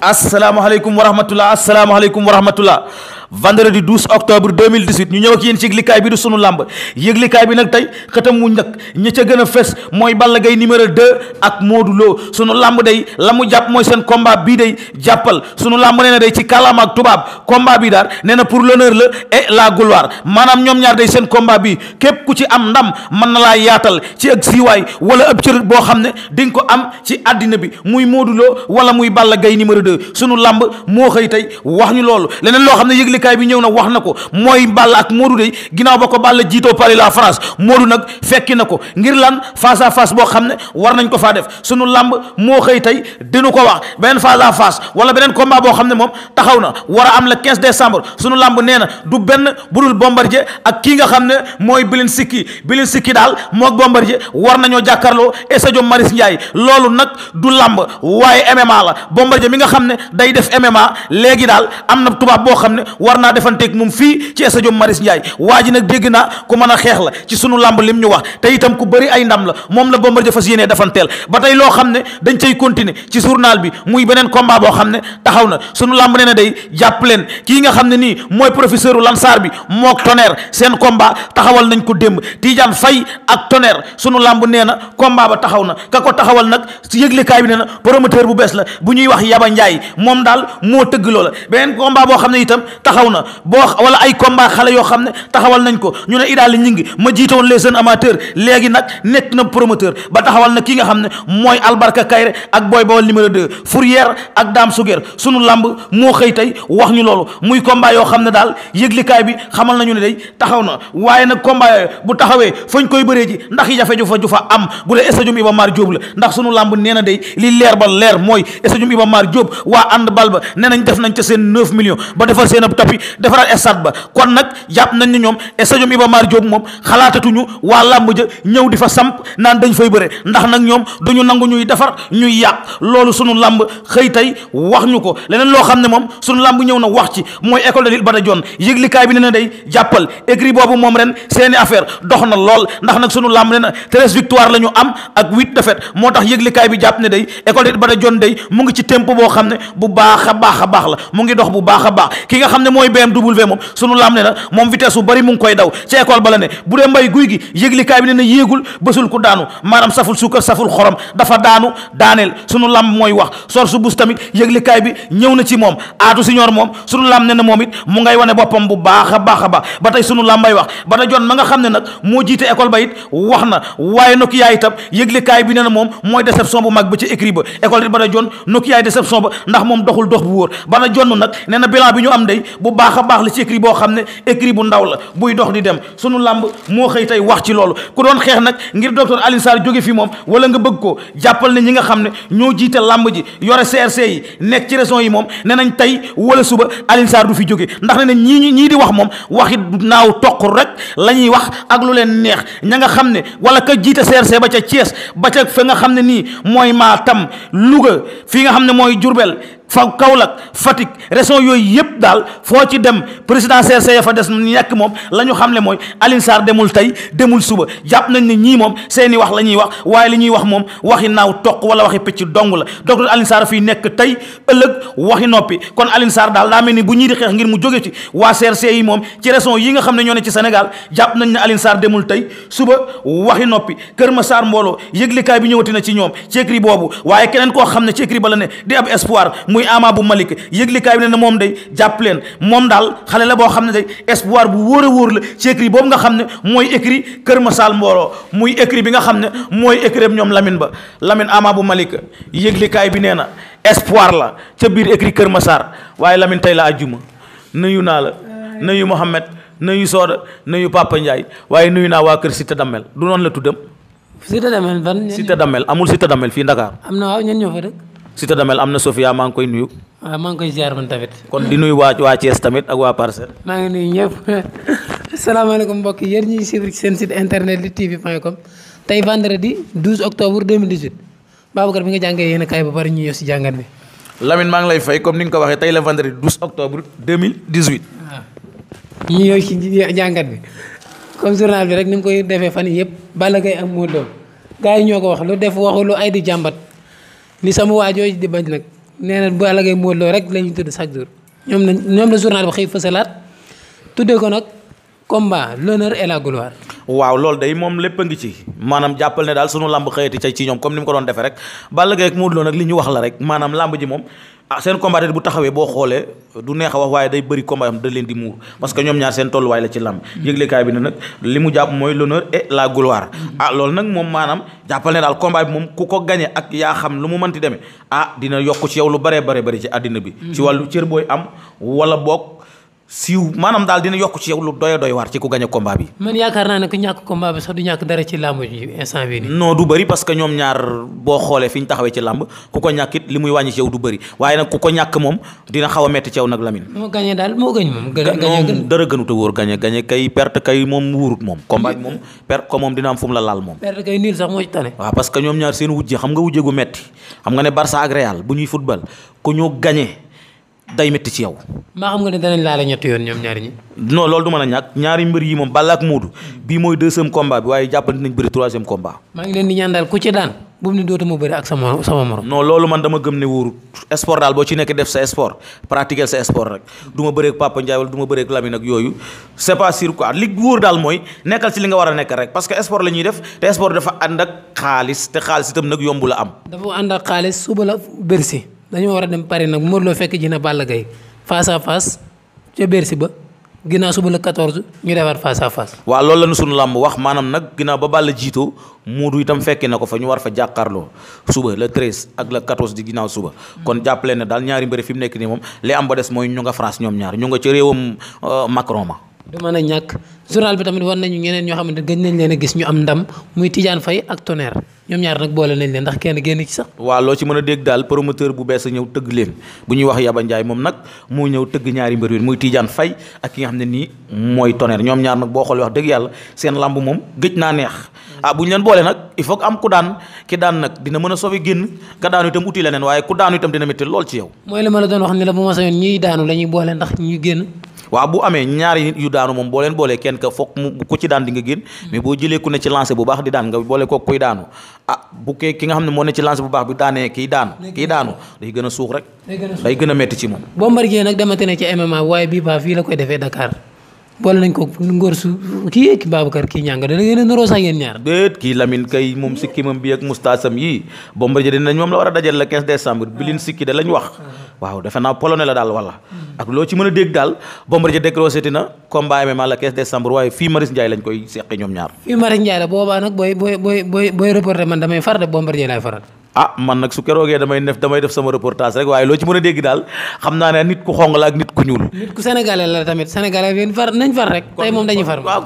asalaamaaleykum wa rahmatulah asalaamaaleykum wa rahmatulah vendredi 12 octobre 2018 ñu ñëw ak yéen ci yëglikaay bi di sunu làmb yëglikaay bi nag tey xëtam mu njëkk ñi ca gën a fes mooy Balla gay numéro 2 ak Modou Lo sunu làmb day la mu jàpp mooy seen combat bii day jàppal sunu làmb nee na day ci kàllaama ak tubaab combat bi daal nee na pour l'honneur la et la gloire maanaam ñoom ñaar day seen combat bi képp ku ci am ndam man na laa yaatal ci ak siiwaay wala ab cër boo xam ne di nga ko am ci àddina bi muy Modou Lo wala muy Balla gay numéro 2 sunu làmb moo xëy tey wax ñu loolu leneen loo yëglikaay bi ñëw na wax na ko mooy Balla ak Modou de ginnaaw ba ko Balla jiitoo Paris la France Modou nag fekki na ko ngir lan face à face boo xam ne war nañ ko faa def suñu làmb moo xëy tey dina ko wax beneen face à face wala beneen combat boo xam ne moom taxaw na war a am le 15 décembre sunu làmb nee na du benn bu budul Bombardier ak kii nga xam ne mooy bilin sikki bilin sikki daal moog Bombardier war nañoo jàkkaarloo stade Marius Ndiaye loolu nag du làmb waaye MMA la mi nga xam ne day def MMA léegi daal war naa defanteeg moom fii ci stade Marius Ndiaye waa ji nag dégg naa ku mën a xeex la ci sunu làmb lim ñu wax te itam ku bari ay ndam la moom na la Bombardier fas yéenee defanteel ba tey loo xam ne dañ cay continuer ci journal bi muy beneen combat boo xam ne taxaw na sunu làmb nee na day jàpp leen kii nga xam ne nii mooy professeur u Lansar bi mook Tonnerre seen combat taxawal nañ ko démb Tidiane Faye ak Tonnerre sunu làmb nee na combat ba taxaw na ka ko taxawal nag yëglekaay bi nee na promoteur bu bees la bu ñuy wax Yaba Ndiaye moom daal moo tëgg loola taxaw na boo wala ay combat xale yoo xam ne taxawal nañ ko ñu ne idaali ñi ngi ma jiite woon les jeunes amateurs léegi nag nekk na promoteur ba taxawal na ki nga xam ne mooy albarka kayre ak boy bawal numéro 2 fourrière ak daam suger sunu lamb moo xëy tey wax ñu loolu muy combat yoo xam ne daal yëglikaay bi xamal nañu ne day taxaw na waaye nag combat bu taxawee fañ koy bëree ji ndax jafe ju fa am bu dee stade Iba Mar Diop la ndax sunu lamb nee na day li leer ba leer mooy stade Iba Mar Diop waa ànd bal ba nee nañ def nañ ca seen 9 millions ba defar seen ab noppi defaraat stade ba kon nag jàpp nañ ni ñoom stade ñoom Iba Mar Diop moom xalaatatuñu waa làmb ja ñëw di fa samp naan dañ fay bëre ndax nag ñoom duñu nangu ñuy defar ñuy yàq loolu sunu làmb xëy tey wax ñu ko leneen loo xam ne moom sunu làmb ñëw na wax ci mooy école de lutte Bada Dione yëglikaay bi ne na day jàppal écrit boobu moom ren seeni affaire dox na lool ndax nag sunu làmb ne na treize victoire la ñu am ak huit défaite moo tax yëglikaay bi jàpp ne day école de lutte day mu ngi ci tempo boo xam ne bu baax a baax a baax ne mooy BMW moom sunu laam ne na moom vitesse bu bari mu ngi koy daw ci école ba la ne bu dee mbay guy gi yëglikaay bi ne na yéegul bësul ku daanu maanaam saful suukar saful xorom dafa daanu daaneel sunu lam mooy wax sor su tamit yëglikaay bi ñëw na ci moom aatu siñoor moom sunu lam ne na moom it mu ngay wane boppam bu baax a baax a baax ba tey sunu lam bay wax ba tey jon ma nga xam ne nag moo jiite école ba wax na waaye Nokia itam yëglikaay bi ne na moom mooy déception bu mag ba ci écrit ba école it ba tey jon Nokia déception ba ndax moom doxul dox bu wóor ba tey jon nag nee na bilan bi ñu am day bu baax a baax la ci écrit boo xam ne écrit bu ndaw la buy dox di dem suñu làmb moo xëy tey wax ci loolu ku doon xeex nag ngir docteur Alioune jóge fi moom wala nga bëgg ko jàppal ne ñi nga xam ne ñoo jiite làmb ji yore CRC yi nekk ci régions yi moom ne nañ tey wala suba Alioune Sarr fi jóge ndax ne ne ñii ñii di wax moom waxi naaw toq rek la ñuy wax ak leen neex ña nga xam ne wala ka jiita CRC ba ca Thiès ba ca fa nga xam ne nii mooy Matam Louga fi nga xam ne mooy Diourbel fa Kaolack Fatick région yooyu yëpp daal foo ci dem président CRC e fa des nekk moom la ñu xam ne mooy Alioune Sarr demul tey demul suba jàpp nañ ne ñii moom seeni wax la ñuy wax waaye li ñuy wax moom waxi naaw toq wala waxi picc dong la docteur Alioune Sarr fii nekk tey ëllëg waxi noppi kon Alioune Sarr daal daa mel ni bu ñii di ngir mu jóge ci waa CRC e yi moom ci yi nga xam ne ñoo ne ci Sénégal jàpp nañ ne Alioune Sarr demul tey suba waxi noppi Kër Massar mbooloo yëglikaay bi ñëwati na ci ñoom ci boobu waaye keneen koo xam ne ci écrit ba la ne di ab espoir muy Ama bu Malick yëglikaay bi ne na moom day jàpp leen moom daal xale la boo xam ne day espoir bu wóor a wóor la ci écrit boobu nga xam ne mooy écrit Kër Masal Mboro muy écrit bi nga xam ne mooy écrit ñoom Lamine ba Lamine Ama bu Malick yëglikaay bi nee na espoir la ca biir écrit Kër Masar waaye lamin tey la ajjuma nuyu naa la nuyu Mohamed nuyu Sooda nuyu Papa Ndiaye waaye nuyu naa waa kër Cité Damel du noonu la tuddam Cité Damel amul Cité Damel fii Ndakaar am na Cité Damel am na Sofia maa ngi koy nuyu. waaw maa ngi koy ziar man tamit. kon di nuyu waa waa Thiès tamit ak waa Parcelles. maa ngi nuyu ñëpp asalaamaaleykum mbokk yéen ñuy a si jàngat bi. Lamine maa ngi lay fay comme ni nga ko waxee tey vendredi octobre 2018. waaw ñu yow jàngat bi comme journal bi rek ni mu koy defee fan yii yëpp Balla Gaye ak Modou Lo gars ko wax lu def waxu ay di jàmbat. li sama waa jooju di bañ nag nee na Balla Gaye Modou Lo rek la ñuy tudd chaque jour ñoom la ñoom la journal bi xëy fësalaat tuddee ko nag combat l'honneur et la gloire. waaw loolu de moom lépp a ngi ci maanaam jàppal ne daal sunu lamb xëyati ca ci ñoom comme ni mu ko doon defee rek Balla Gaye ak Modou Lo li ñu wax la rek maanaam lamb ji moom. ah seen combat bu taxawee boo xoolee du neex a wax waaye day bëri combat am da leen di muur parce que ñoom ñaar seen tolluwaay la ci làmb yëglekaay bi ne nag li mu jàpp mooy l'honneur et la gloire ah loolu nag moom maanaam jàppal ne daal combat bi moom ku ko gañe ak yaa xam lu mu mënti demee ah dina yokk ci yow lu bëree bare bëri ci àddina bi ci wàllu cër booy am wala boog siiw maanaam daal dina yokk ci yow lu doy doy waar ci ku gañ a combat bi. man yaakaar naa ne ku ñàkk combat bi sax du ñàkk dara ci làmb bi nii. du bëri parce ñoom ñaar boo xoolee fi ñu taxawee ci làmb ku ko ku ko ñàkk moom dina xaw a metti ci yow nag Lamine. moom. gën a wóor gañe moom moom. combat moom perte ko moom dina am fu la moom. perte que ñoom ñaar seen wujje xam nga wujje gu metti xam nga ne Barça ak Real bu ñuy football ku ñu gañe day métti ci yow. maa xam nga ne danañ laale ñetti yoon ñoom ñaari ñi. non loolu du mën a ñàkk ñaari mbër yi moom Balla ak Modou bii mooy deuxième combat bi waaye jàppante nañ bëri troisième combat. maa ngi leen di ñaan daal ku ci daan bu mu ne dootuma bëri ak sama morom. non loolu man dama gëm ne wóorut sport daal boo ci nekk def sa sport pratiquer sa sport rek du ma ak Papa Ndiaye wala du ma ak Lamine ak yooyu c'est quoi li wóor daal mooy a nekk rek parce que sport la ñuy def te xaalis te xaalis itam nag yomb am. dafa ànd ak xaalis dañoo war a dem Paris nag moo Lo fekk ji na Balla Gaye face à face ca Bercy ba ginnaaw suba la 14 ñu defaat face à face. waaw loolu la nu sunu làmb wax maanaam nag ginnaaw ba Balla jiitoo Modou itam fekkee na ko fa ñu war fa jàkkaarloo suba le 13 ak le 14 di ginnaaw suba. kon jàppale na daal ñaari mbëri fi mu nekk nii moom li am ba des mooy ñu nga France ñoom ñaar ñu nga ca réewam euh, Macron ma. du mën a ñàkk journal bi tamit war nañu ñeneen ñoo xamante gëj nañ leen gis ñu am ndam muy Tidiane Faye ak Tonnerre. ñoom ñaar nag boole nañ leen ndax kenn génn ci sax waaw loo ci mën a dégg daal promoteur bu bees a ñëw tëgg leen bu ñuy wax Yaba moom nag moo ñëw tëgg ñaari mbër yi muy Tidiane Faye ak ki nga xam ne nii mooy Tonnerre ñoom ñaar nag boo xoolee wax dëgg yàlla seen lamb moom gëj naa neex ah bu ñu leen boole nag i faut am ku daan ki daan nag dina mën a sofe génn ka daanu itam uti leneen waaye ku daanu itam dina métti lool ci yow mooy li ma la doon wax waaw bu amee ñaari nit yu daanu moom boo leen boolee kenn ka foog mu ku ci daan di nga génn hmm. mais boo jëlee ku ne ci lancé bu baax di daan nga boole ko kuy daanu ah bu kee ki nga xam ne moo ne ci lancé bu baax bi daanee kiy daanu kiy daanu day gën a suux rek day gën a métti ci moom Bombardier nag demate ne ci MMA waaye bii baa fii la koy defee Dakar boole nañ ko ngor su kii ki Babacar kii ñànga da ngeen a naroo sax ñaar déet kii Lamine kay moom sikki moom bi ak mustaasam yii Bombardier dinañ moom la war a dajal le 15 décembre bi sikki da lañ wax waaw defe naa polonais la daal wala hmm. ak loo ci mën a dégg daal Bombardier décroché na combat MMA le 15 décembre waaye fii Maris Ndiaye lañ koy seqi ñoom ñaar fii Maris Ndiaye la boobaa nag booy booy booy booy man ah man nag su keroogee damay def damay def sama reportage rek waaye loo ci mën a dégg daal xam naa ne nit ku xonq la ak nit ku ñuul. nit ku sénégalais la tamit sénégalais yéen far nañ far rek.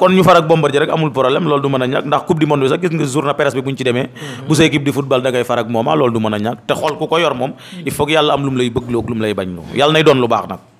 kon ñu far ak Bombardier rek amul problème loolu du mën a ñàkk ndax coupe du monde bi sax gis nga journée presse bi bu ñu ci demee. Mm-hmm. bu sa di football da far ak moom ah du mën a ñàkk te xool ku ko yor moom. il faut yàlla am lu mu lay bëgg loo lu mu yàlla nay doon lu baax n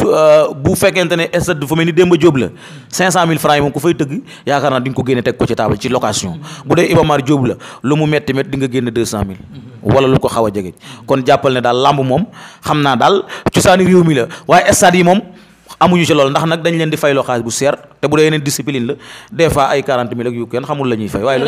su euh, bu fekkente ne stade dafa mel ni Demba Diop la 500000 francs yi moom ku fay tëgg yaakaar naa di nga ko génne teg ko ci table ci location bu dee Iba Mar la lu mu metti metti di nga génne 200000. wala lu ko xaw a jege kon jàppal ne daal lamb moom xam naa daal cosaani réew mi la waaye stade yi moom. amuñu ci loolu ndax nag dañ leen di fayloo xaalis bu seer te bu dee yeneen discipline la des ay 40 mille ak yu kenn xamul la ñuy waaye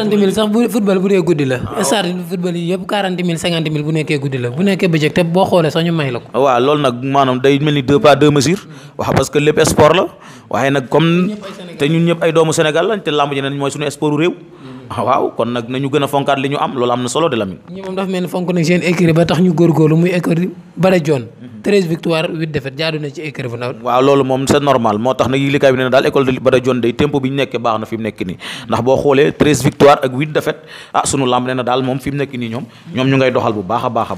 loolu nag maanaam day mel ni deux pas deux mesures wax parce que lépp sport la waaye nag comme te ñun ñëpp ay doomu Sénégal lañ te làmb neen mooy suñu sportu réew. Mm. Ah, waaw kon nag nañu gën a fonkaat li ñu am loolu am na solo de la. ñi moom dafa mel ni fonk nag seen écurie ba tax ñu góorgóorlu muy écurie bare joon mm. treize victoire huit défaites jaadu na ci écurie bu ndaw. waaw loolu moom c'est normal moo tax nag yëglikaay bi nee na daal école de Bada Dione day tempo bi ñu nekkee baax na fi mu ah, nii ñoom ñoom ñu ngay doxal bu baax a baax a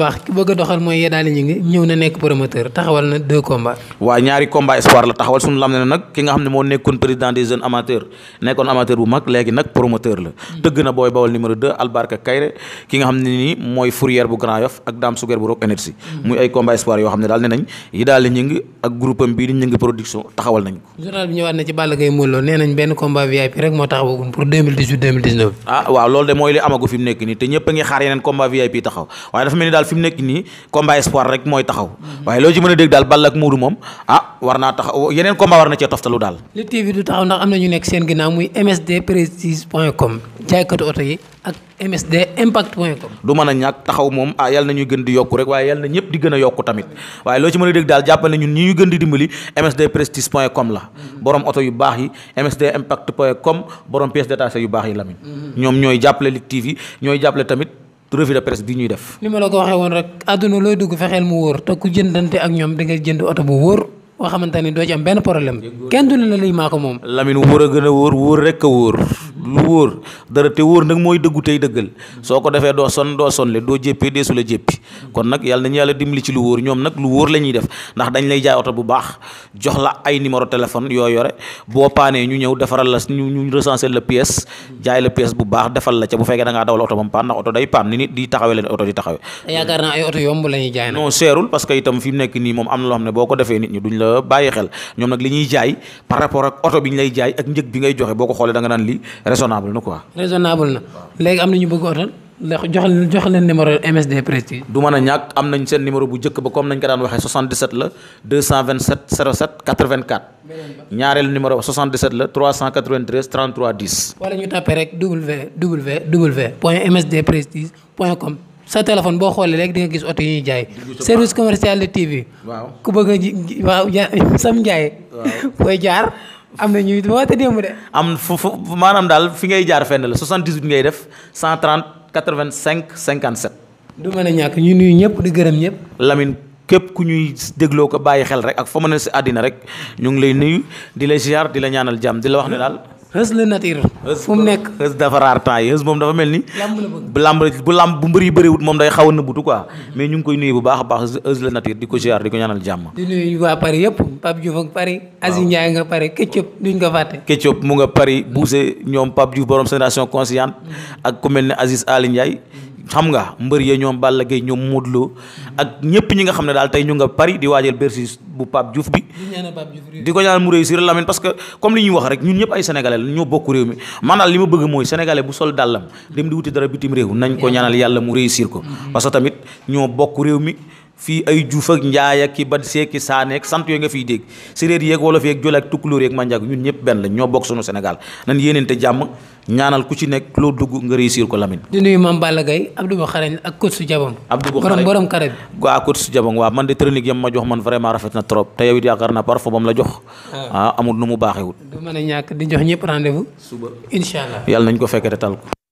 baax ki bëgg a doxal mooy yee daal ñëw na nekk promoteur taxawal na deux combats waaw ñaari combat espoir la taxawal sunu lamb nee na nag ki nga xam ne moo nekkoon président des jeunes amateurs nekkoon amateur bu mag léegi ay combat espoir yoo xam ne daal ne yi daal di ak groupe bii di ñëng production taxawal nañ journal bi ñëwaat na ci Balla Gaye Modou Lo ah, de mooy li amagu fi nekk nii te ñëpp ngi xaar yeneen combat VIP taxaw waaye dafa mel ni daal fi nekk nii combat espoir rek mooy taxaw mm-hmm. waaye loo ci mën a dégg daal Balla ak Modou moom ah war naa tax yeneen a war na cee toftalu daal. Lutte TV du taxaw ndax am na ñu nekk seen ginnaaw muy msdprestige.com jaaykatu oto yi ak msdimpact.com. du mën a ñàkk taxaw moom ah yàlla na ñuy gën di yokku rek waaye yàlla na ñëpp di gën a yokku tamit waaye loo ci mën a dégg daal jàppal ne ñun ñi ñu gën di dimbali msdprestige.com la. borom oto yu baax yi msdimpact.com borom pièces détachées yu baax yi Lamine. Mm-hmm. ñoom ñooy jàppale boo xamante ni doo ci am benn problème kenn du ne la lii maa moom. Lamine wóor a gën a wóor wóor rek a wóor lu wóor dara te wóor nag mooy dëggu dëggal soo ko defee doo son doo sonle doo jéppee dee su la jéppi kon nag yàlla nañu yàlla dimbali ci lu wóor ñoom nag lu wóor la ñuy def ndax dañ lay jaay oto bu baax jox la ay numéro téléphone yoo yore boo paanee ñu ñëw defaral la ñu ñu recenser la pièce jaay la pièce bu baax defal la ca bu fekkee da ngaa dawal oto ba mu paan ndax oto day paan nit di taxawee leen oto di taxawee. yaakaar naa ay oto yomb la ñuy jaay non seerul parce que itam fi mu nekk nii moom am na loo xam ne boo bàyyi xel ñoom nag li ñuy jaay par rapport ak oto bi ñu lay jaay ak njëg bi ngay joxe boo ko xoolee da nga naan li raisonnable na quoi. raisonnable na léegi am na ñu bëgg oto ndax jox leen jox MSD Prestige. du mën ñàkk am nañ seen numéro bu njëkk ba comme nañ ko daan waxee 77 la 227 07 84. ñaareelu numéro 77 la 393 33 10. wala ñu tàppee rek www point msdprestige point com. sa téléphone boo xoolee rek di nga gis oto yi ñuy jaay. service commercial de TV. waaw ku bëgg a ji waaw sam njaay. fooy jaar am na ñuy woote démb de. am fu fu maanaam daal fi ngay jaar fenn la 78 ngay def 130 85 57. du mën a ñàkk ñu nuyu ñëpp di gërëm ñëpp. Lamine. képp ku ñuy dégloo ko bàyyi xel rek ak fa mën a si àddina rek ñu ngi lay nuyu di lay ziar di la ñaanal jàmm di la wax ne daal xës la nature. fu mu nekk xës dafa raar temps yi xës moom dafa mel ni. la bëgg bu lamb bu lamb bu mbër yi moom day xaw a nëbbutu quoi. mais ñu ngi koy nuyu bu baax a baax xës la nature di ko ziar di ko ñaanal jàmm. di nuyu waa Paris yëpp Pape Diouf ak Paris. waaw Aziz Ndiaye nga Paris Ketchup duñ ko fàtte. Ketchup mu nga Paris Bousse ñoom Pape Diouf borom génération consciente ak ku mel ne Aziz Ali Ndiaye. xam nga mbër ya ñoom Balla Gaye ñoom Modou Lo ak ñëpp ñi nga xam ne daal tey ñu nga Paris di waajal Bercy bu Pape Diouf bi di ko ñaanal mu réussir Lamine parce comme li ñuy wax rek ñun ñëpp ay sénégalais ñoo bokk réew mi man li ma bëgg mooy sénégalais bu sol dàllam dem di wuti dara bitim réew nañ ko ñaanal yàlla mu réussir ko mm-hmm. parce tamit ñoo bokk réew mi fii ay juuf ak njaay ak ki bad seek ki saaneek sant yooyu nga fiy dégg séréer yeeg wolof yeeg jol ak tukkulóor yeeg manjaak ñun ñëpp benn lañ ñoo bokk sunu Sénégal nan yéeneente jàmm ñaanal ku ci nekk loo dugg nga réussir ko Lamine. di nuyu maam Balla Gaye Abdou Xarañ ak coach su Jabong. Abdou Xarañ borom borom kare bi. su Jabong waaw man de technique yam ma jox man vraiment rafet na trop te yow it yaakaar naa parfois ba mu la jox. Ah. ah amul nu mu baaxewut. du mën ñàkk di jox ñëpp rendez incha allah yàlla nañ ko fekkete tal ko.